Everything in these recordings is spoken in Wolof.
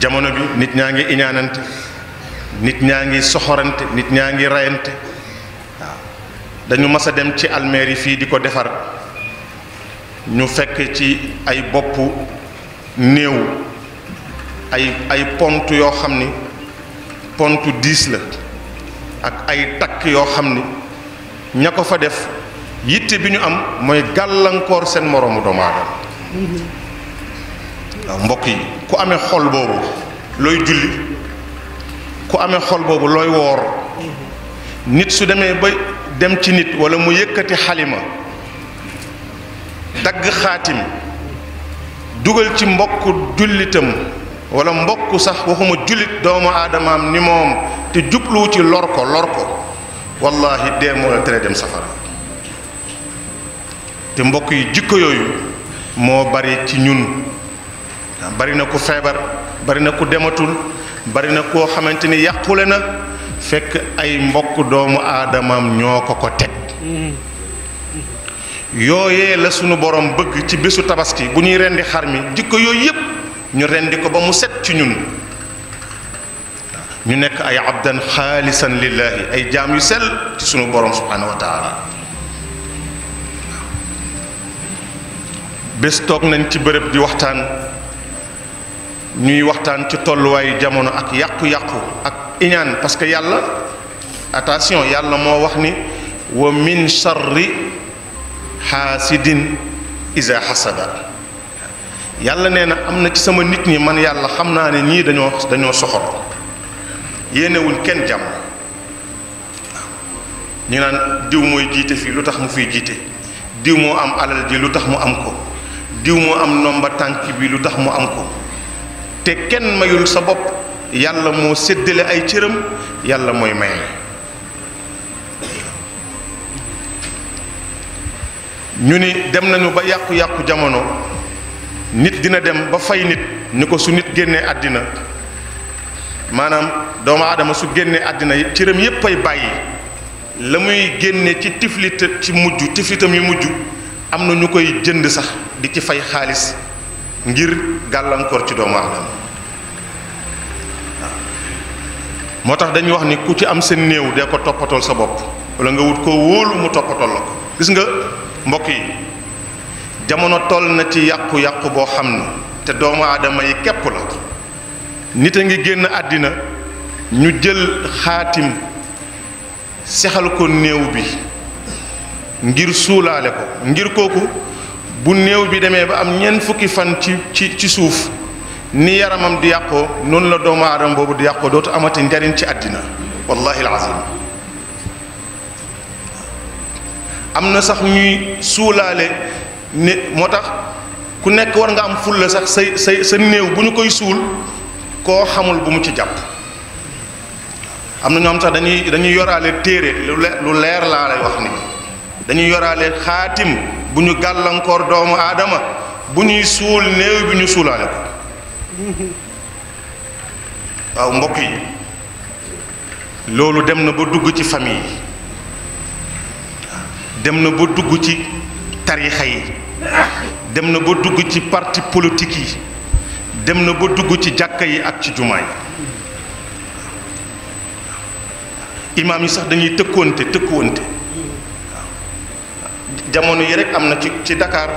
jamono bi nit ñaa ngi iñaanante nit ñaa ngi soxorante nit ñaa ngi rayante waaw dañu mas a dem ci almeer yi fii di ko defar ñu fekk ci ay boppu néew ay ay pont yoo xam ni pont diis la ak ay takk yoo xam ni ña ko fa def yitte bi ñu am mooy gàllankoor seen moroomu doomu mbokk yi ku amee xol boobu looy julli ku amee xol boobu looy woor nit su demee ba dem ci nit wala mu yëkkati xalima dagg xaatim dugal ci mbokk jullitam wala mbokk sax waxuma jullit doomu aadamaam ni moom te jubluwu ci lor ko lor ko wallahi dee moo la tere dem safara te mbokk yi jikko yooyu moo bari ci ñun bari na ko feebar bari na ko dematul bari na koo xamante ni yàqule na fekk ay mbokk doomu aadamam ñoo ko ko teg yooyee la sunu boroom bëgg ci bésu tabaski bu ñuy rendi xar mi jikko yooyu yépp ñu rendi ko ba mu set ci ñun ñu nekk ay abdan xaalisan lillahi ay jaam yu sel ci sunu borom subhaanahu wa bés toog nañ ci bërëb di waxtaan ñuy waxtaan ci tolluwaayu jamono ak yàqu-yàqu ak iñaan parce que yàlla attention yàlla moo wax ni wa min charri xaasidin isa xasada yàlla nee na am na ci sama nit ñi man yàlla xam naa ne ñii dañoo dañoo soxor yéenewuñ kenn jàmm ñu naan diw mooy jiite fii lu tax mu fiy jiite diw moo am alal ji lu tax mu am ko diw moo am nomba tànk bi lu tax mu am ko te kenn mayul sa bopp yàlla moo séddale ay cëram yàlla mooy maye ñu ni dem nañu ba yàqu-yàqu jamono nit dina dem ba fay nit ni ko su nit génnee àddina maanaam doomu aadama su génnee àddina cëram yépp ay bàyyi la muy génne ci tiflit ci mujj tiflitam yu mujj am na ñu koy jënd sax di ci fay xaalis ngir gàllankoor ci doomu aadama moo tax dañuy wax ni ku ci am seen néew dee ko toppatool sa bopp wala nga wut koo wóolu mu toppatool la ko gis nga mbokk yi jamono toll na ci yàqu-yàqu boo xam ne te doomu aadama yi képp la nit a ngi génn àddina ñu jël xaatim sexal ko néew bi ngir suulaale ko ngir kooku bu néew bi demee ba am ñeent fukki fan ci ci ci suuf ni yaramam di yàqoo noonu la doomu boobu di yàqoo dootu amati njariñ ci àddina wallahi alazim am na sax ñuy suulaale ni moo tax ku nekk war nga am fulla sax say sa néew bu ñu koy suul koo xamul bu mu ci jàpp am na ñoom sax dañuy dañuy yoraale téere lu leer laa lay wax ni dañuy yoraale xaatim bu ñu gàllankoor doomu aadama bu ñuy suul néew bi ñu suulaale ko waaw mbokk yi loolu dem na ba dugg ci famille yi dem na ba dugg ci tarixa yi dem na ba dugg ci parti politique yi dem na ba dugg ci jàkka yi ak ci jumaa yi imaam yi sax dañuy tëkkoonte tëkkuwante jamono yi rek am na ci ci Dakar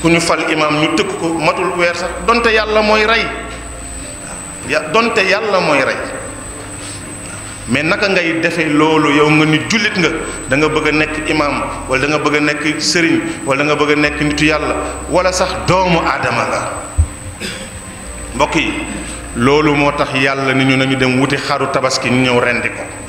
ku ñu fal imaam ñu tëkk ko matul weer sax donte yàlla mooy rey ya donte yàlla mooy rey mais naka ngay defee loolu yow nga ni jullit nga danga bëgg a nekk imaam wala danga bëgg a nekk sëriñ wala da nga bëgg a nekk nitu yàlla wala sax doomu aadama nga mbokk yi loolu moo tax yàlla ni ñu nañu dem wuti xaru tabaski ñu ñëw rendi ko